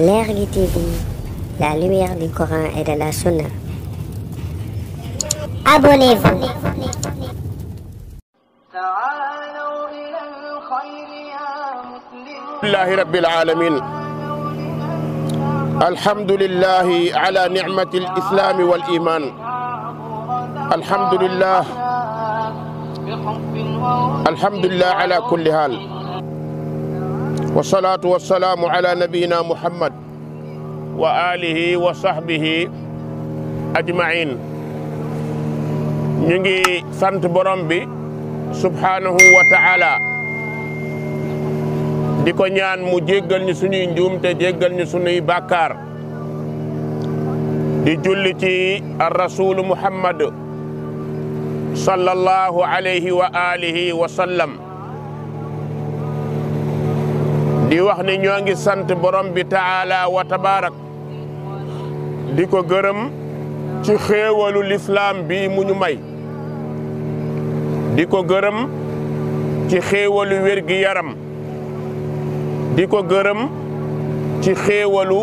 L'air L'Airly TV, la lumière du Coran et de la Sunna. Abonnez-vous. الله رب العالمين الحمد لله على نعمة الإسلام والإيمان الحمد لله الحمد لله على كل حال والصلاة والسلام على نبينا محمد وآله وصحبه أجمعين نجي سانت برمبي سبحانه وتعالى ديكو نيان mu jéggal ñu suñuy njuum te jéggal ñu الرسول محمد صلى الله عليه وآله وسلم di wax ne ñoo ngi sant borom bi taala wata tabaarak di ko gërëm ci xéewalu lislaam bi mu ñu may di ko gërëm ci xéewalu wérgi yaram di ko gërëm ci xéewalu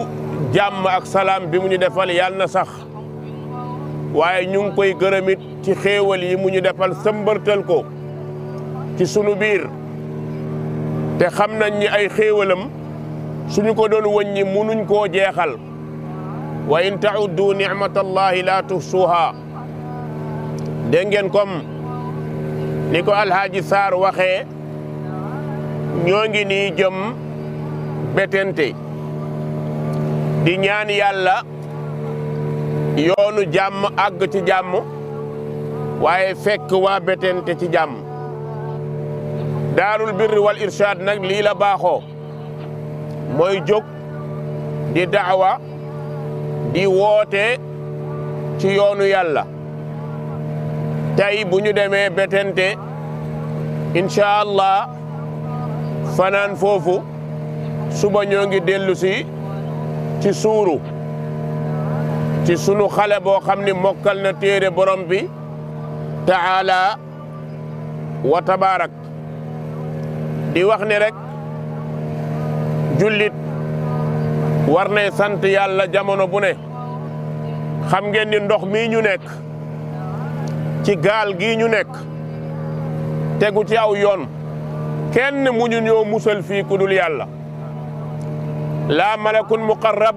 jàmm ak salaam bi mu ñu defal yàlla na sax waaye ñu ngi koy gërëmit ci xéewal yi mu ñu defal sëmbërtal ko ci sunu biir te xam nañ ni ay xéewalam suñu ko doon wàññi munuñ koo jeexal wa in tauddu nicmatallahi la tuhsuha dégg ngeen comme ni ko alhaaji Sarr waxee ñoo ngi nii jëm Betente di ñaan yàlla yoonu jàmm àgg ci jàmm waaye fekk waa Betente ci jàmm دار البر والإرشاد نك ليلا باخو موي جوك دي دعوة دي ووتي تي يونو يالا تاي بونيو ديمي بتنتي ان شاء الله فنان فوفو سوبا نيوغي ديلوسي تي سورو تي سونو خالي بو خامني موكال تيري بروم بي تعالى وتبارك di wax ni rek jullit war nay sant yàlla jamono bu ne xam ngeen ni ndox mi ñu nekk ci gaal gi ñu nekk tegu ci aw yoon kenn mu ñu musal fii kudul yàlla laa malakun muqarrab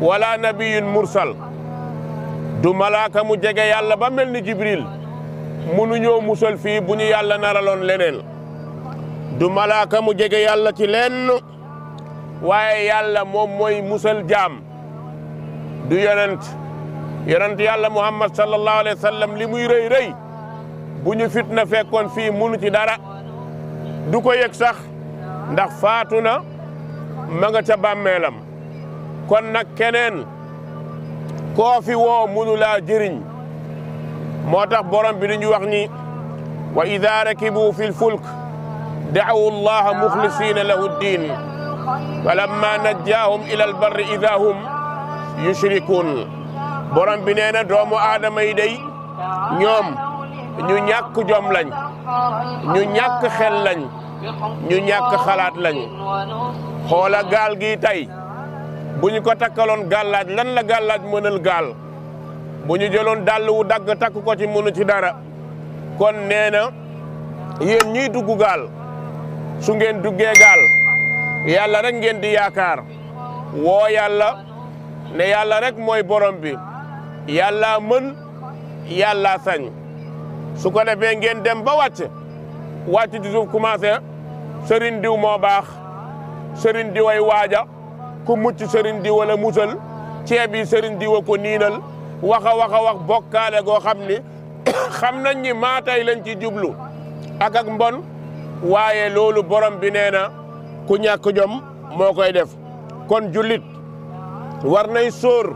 wala nabiyun mursal du malaaka mu jege yàlla ba mel ni jibril munuñoo musal fii bu ñu yàlla naraloon leneen du malaka mu jege yàlla ci lenn waye yàlla mom moy musal jam du yonent yonent yàlla muhammad sallallahu alaihi wasallam sallam li muy rëy rëy bu fitna fekkon fi munu ci dara du ko yek sax ndax fatuna ma nga ca bàmmeelam kon nak kenen ko fi wo munu la jirign motax borom bi li ñu wax ni wa idha rakibu fil fulk دعوا الله مخلصين له الدين فلما نجاهم إلى البر إذا هم يشركون borom bi nee na doomu aadama yi day ñoom ñu ñàkk jom lañ ñu ñàkk xel lañ ñu ñàkk xalaat lañ xoola gaal gi tey bu ñu ko takkaloon gàllaaj lan la gàllaaj mënal gaal bu ñu jëloon dàll wu dagg takku ko ci mënu ci dara kon nee na yéen ñiy dugg gaal su ngeen duggee gaal yàlla rek ngeen di yaakaar woo yàlla ne yàlla rek mooy borom bi yàlla mën yàlla sañ su ko defee ngeen dem ba wàcc wàcc ci commencé sëriñ diw moo baax sëriñ diw ay waaja ku mucc sëriñ diw wala musal ceeb yi sëriñ diw a ko niinal wax a wax bokkaale goo xam ni xam nañ ni maatay lañ ci jublu akak ak mbon waye loolu borom bi neena ku ñak jom mo koy def kon julit war nay sor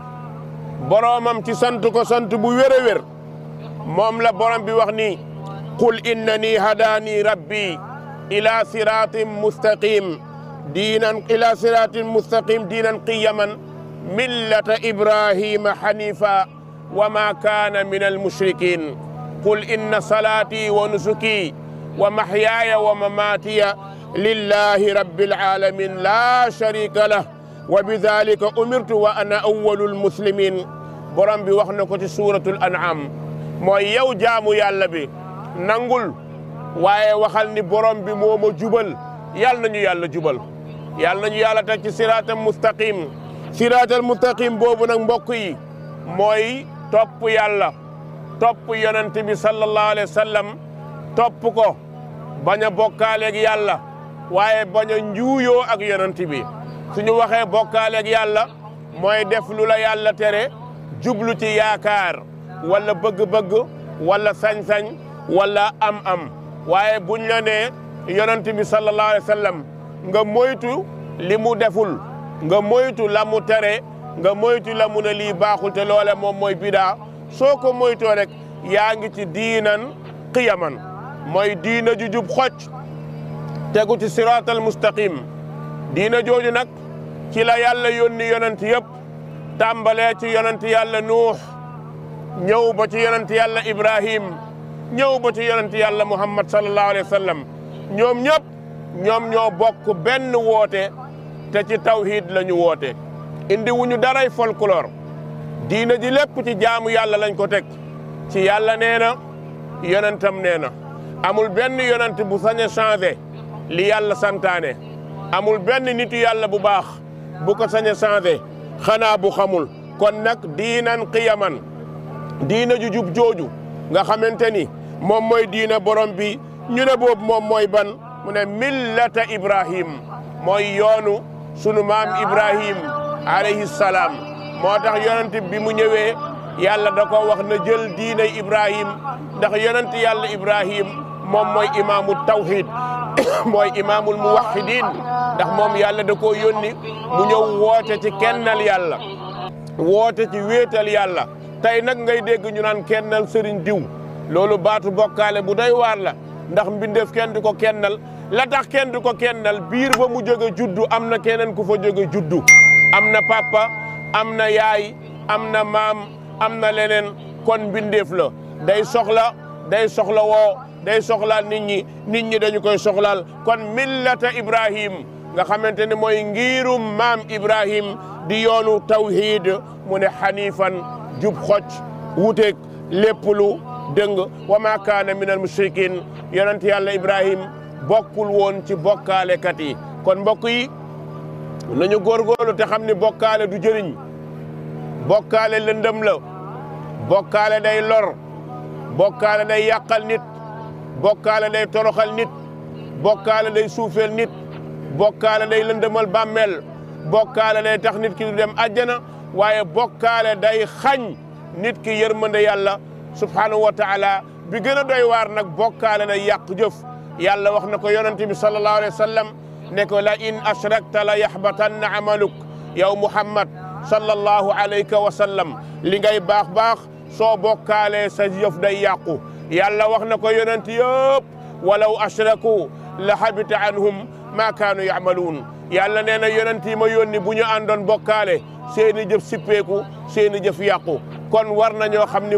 boromam ci sant ko sant bu wéré wér mom la borom bi wax ni qul innani hadani rabbi ila siratin mustaqim dinan ila siratin mustaqim dinan qiyaman millata ibrahima hanifa wa ma kana min almushrikin qul inna salati wa nusuki ومحياي ومماتي لله رب العالمين لا شريك له وبذلك أمرت وأنا أول المسلمين برام بي سورة الأنعام موي يو جامو يالا بي نانغول واي وخال ني بروم جبل مومو جوبل يال نانيو يالا جوبل يال نانيو يالا المستقيم صراط المستقيم بوبو نك مبوكي موي توب يالا توب يونتبي صلى الله عليه وسلم topp ko bañ a bokkaaleeg yàlla waaye bañ a njuuyoo ak yonent bi suñu waxee bokkaaleeg yàlla mooy def la yàlla tere jublu ci yaakaar walla bëgg-bëgg wala sañ-sañ am-am waaye buñ la nee yonent bi nga moytu li mu deful nga moytu la mu tere nga moytu la mu ne lii baaxul te loole moom mooy bidaa soo ko moytoo rek yaa ngi ci diinan qiyaman mooy diina ju xoc xocc tegu ci siraatal mustaqim diina jooju nag ci la yàlla yónni yonant yëpp tàmbalee ci yonent yàlla nuux ñëw ba ci yonent yàlla ibrahim ñëw ba ci yonent yàlla muhammad sallallahu alayhi wa sallam ñoom ñoom ñoo bokk benn woote te ci tawhid la ñu woote indi wuñu daray folklore diina ji lépp ci jaamu yàlla lañ ko teg ci yàlla nee na yonentam nee na amul benn yonent bu sañ a changé li yàlla santaane amul benn nitu yàlla bu baax bu ko sañ a changé xanaa bu xamul kon nag diinan qiyaman diina ju jub jooju nga xamante ni moom mooy diina borom bi ñu ne boobu moom mooy ban mu ne millata ibrahim mooy yoonu sunu maam ibrahim alayhi salaam moo tax yonent bi mu ñëwee yàlla da ko wax na jël diinay ibrahim ndax yonent yàlla ibrahim moom mooy imaamu tawhid mooy imaamul muwahidin ndax moom yàlla da koo yónni bu ñëw woote ci kennal yàlla woote ci wéetal yàlla tey nag ngay dégg ñu naan kennal sëriñ diw loolu baatu bokkaale bu day waar la ndax mbindeef kenn du ko kennal la tax kenn du ko kennal biir ba mu jóge juddu am na keneen ku fa jóge juddu am na papa am na yaay am na maam am na leneen kon mbindeef la day soxla day soxla woo day soxlaal nit ñi nit ñi dañu koy soxlaal kon millata ibrahim nga xamante ne mooy ibrahim di yoonu tawhid mu ne xanifan jub xocc wuteeg lépp lu dëng wa ma mushrikin yonent ibrahim bokulwon woon ci bokkaalekat yi kon mbokk yi nañu góorgóorlu te xam bokale bokkaale du jëriñ bokale lëndëm la day lor bokale day yakal nit bokkaale day toroxal nit bokkaale day suufeel nit bokkaale day lëndëmal bàmmeel bokkaale day tax nit ki du dem àjjana waaye bokkaale day xañ nit ki yërmande yàlla subhanahu wa taala bi gën a doy waar nag bokkaale na yàq jëf yàlla wax na ko yonent bi sallallahu alayhi wa sallam ne ko la in ashrakta la yaxbatanna amaluk yow muhammad sallallahu alayka wa sallam li ngay baax baax soo bokkaalee sa jëf day yàqu yàlla wax na yonent yëpp walaw ashraku la habita anhum maa kaanu yaamaluun yàlla nee na yonent yi ma yónni bu ñu àndoon bokkaale seeni jëf sippeeku seeni jëf yàqu kon war nañoo xam ni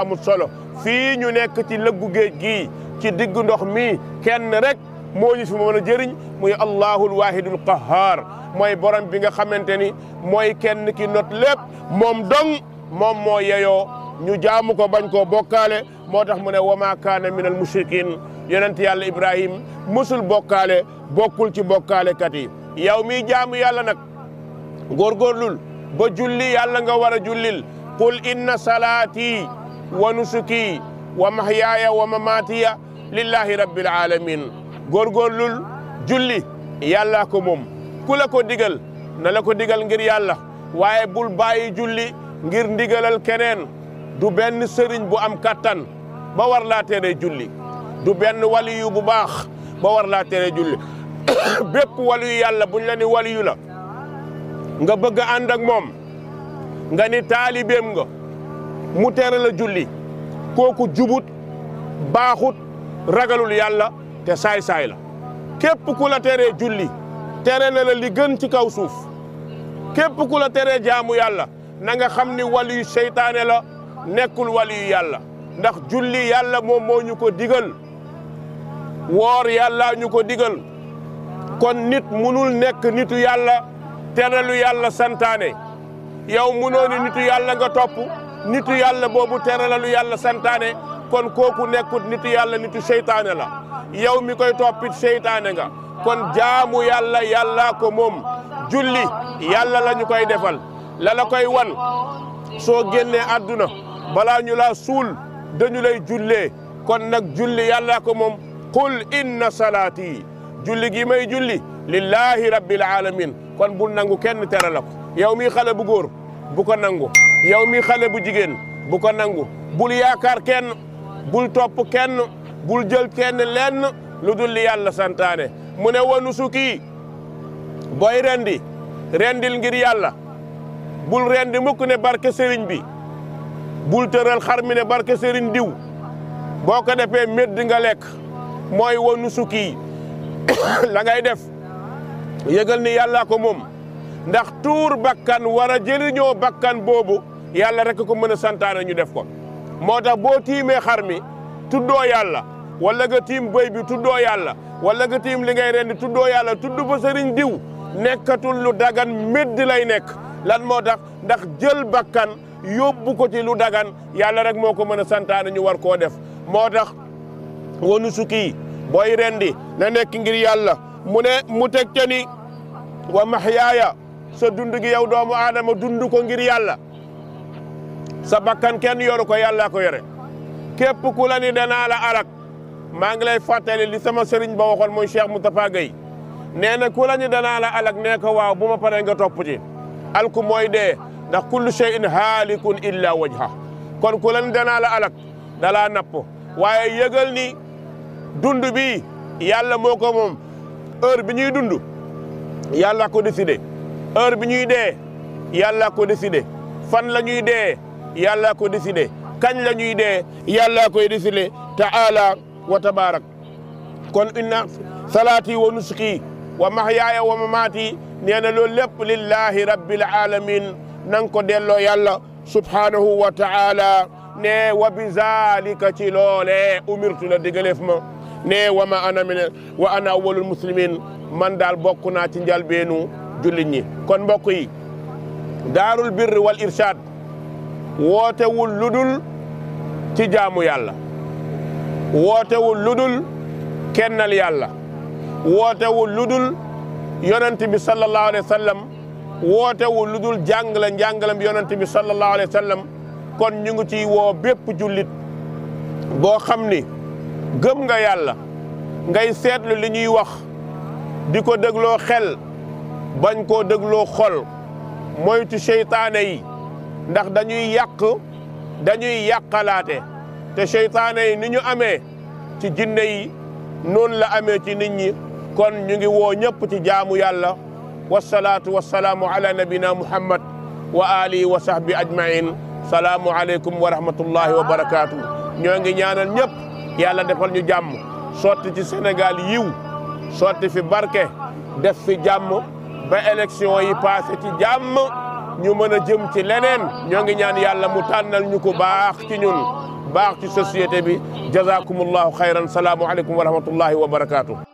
amul solo fii ñu nekk ci lëggu géej gii ci diggu ndox mi kenn rek moo ñu fi mën a jëriñ muy allahul waahidul qahhaar mooy borom bi nga xamante ni mooy kenn ki not lépp moom dong moom moo yeyoo ñu jaamu ko bañ koo bokkaale moo tax mu ne wa maa kaana min al mushrikin yonent yàlla ibrahim musul bokkaale bokkul ci bokkaale kat yi yow miy jaamu yàlla nag góorgóorlul ba julli yàlla nga war a jullil qul inna salaati wa nusuki wa mahyaaya wa mamaatiya lillahi rabbil alamin góorgóorlul julli yàllaa ko moom kula ko digal na ko digal ngir yàlla waaye bul bàyyi julli ngir ndigalal keneen du benn sëriñ bu am kattan ba war laa tere julli du benn waliyu bu baax ba war laa tere julli bépp waliyu yàlla buñ la ni waliyu la nga bëgg a ànd moom nga ni taalibem nga mu tere la julli kooku jubut baaxut ragalul yàlla te saay-saay la képp ku la teree julli tere na la li gën ci kaw suuf képp ku la teree jaamu yàlla na nga xam ni waliyu seytaane la nekkul waliyu yàlla ndax julli yàlla moom moo ñu ko digal woor yàlla ñu ko digal kon nit munul nekk nitu yàlla teralu yàlla santaane yow mu ni nitu yàlla nga topp nitu yàlla boobu teralalu yàlla santaane kon kooku nekkut nitu yàlla nitu seytaane la yow mi koy toppit seytaane nga kon jaamu yàlla yàlla ko moom julli yàlla la ñu koy defal la la koy wan soo génnee àdduna balaa ñu laa suul dañu lay jullee kon nag julli yàllaa ko moom qul inna salaati julli gi may julli lillahi rabbil alamin kon bul nangu kenn tere la ko yow mi xale bu góor bu ko nangu yow mi xale bu jigéen bu ko nangu bul yaakaar kenn bul topp kenn bul jël kenn lenn lu dul li yàlla santaane mu ne wa nusuki booy rendi rendil ngir yàlla bul rendi mukk ne barke sëriñ bi bul tëral xar mi ne barke sëriñ diw boo ko defee médd nga lekk mooy wanu sukki la ngay def yëgal ni yàlla ko moom ndax tuur bakkan war a jëriñoo bakkan boobu yàlla rek ko mën a santaane ñu def ko moo tax boo tiimee xar mi tuddoo yàlla wala gatiim tiim bëy bi tuddoo yàlla wala gatiim tiim li ngay rendi tuddoo yàlla tudd fa sëriñ diw nekkatul lu dagan médd lay nekk lan moo tax ndax jël bakkan yóbbu ko ci lu dagan yàlla rek moo ko mën a santaane ñu war koo def moo wonu sukki rendi na nekk ngir yàlla mu mu ni wa mahyaaya sa dund gi yow doomu aadama dund ko ngir yàlla sa bakkan kenn yoru ko yàlla ko yore képp ku la ni danaa la alak maa ngi lay fàttali li sama sëriñ ba waxoon muy cheikh moustapha ku la ni la alak waaw nga ci alku mooy دا كل شيء هالك الا وجهه كن كولن دنا لا الك لا لا نابو واي ييغل ني دوند بي يالا موكو موم اور بي ني دوند يالا كو ديسيدي اور بي ني دي يالا كو ديسيدي فان لا ني دي يالا كو ديسيدي كان لا ني دي يالا كو ديسيدي تعالى وتبارك كون ان صلاتي ونسكي ومحياي ومماتي نينا لول لله رب العالمين نانكو ديلو يالا سبحانه وتعالى ني وبذلك تي لوله امرت لدغليف ما ني وما انا من وانا اول المسلمين من دال بوكنا تي نجال بينو جولي ني كون بوكي دار البر والارشاد ووتول لودول تي جامو يالا ووتول لودول كنال يالا ووتول لودول يونتي بي صلى الله عليه وسلم wootewul lu dul jàngale njàngalam yonent bi sallallahu alayhi wa sallam kon ñu ngi ciy woo bépp jullit boo xam ni gëm nga yàlla ngay seetlu li ñuy wax di ko dégloo xel bañ koo dégloo xol moytu seytaane yi ndax dañuy yàq dañuy yàqalaate te seytaane yi ni ñu amee ci jinne yi noonu la amee ci nit ñi kon ñu ngi woo ñëpp ci jaamu yàlla والصلاة والسلام على نبينا محمد وآله وصحبه أجمعين سلام عليكم ورحمة الله وبركاته نيوغي نيانا نيب يالا دفل نيو جام في سنغال يو سوتي في بركة دف في جام با إلكسيون في جام ñu mëna jëm ci leneen ñoo ngi ñaan yàlla mu tànnal ñu ko baax ci ñun baax ci société bi jazakumullahu khayran salaamu alaykum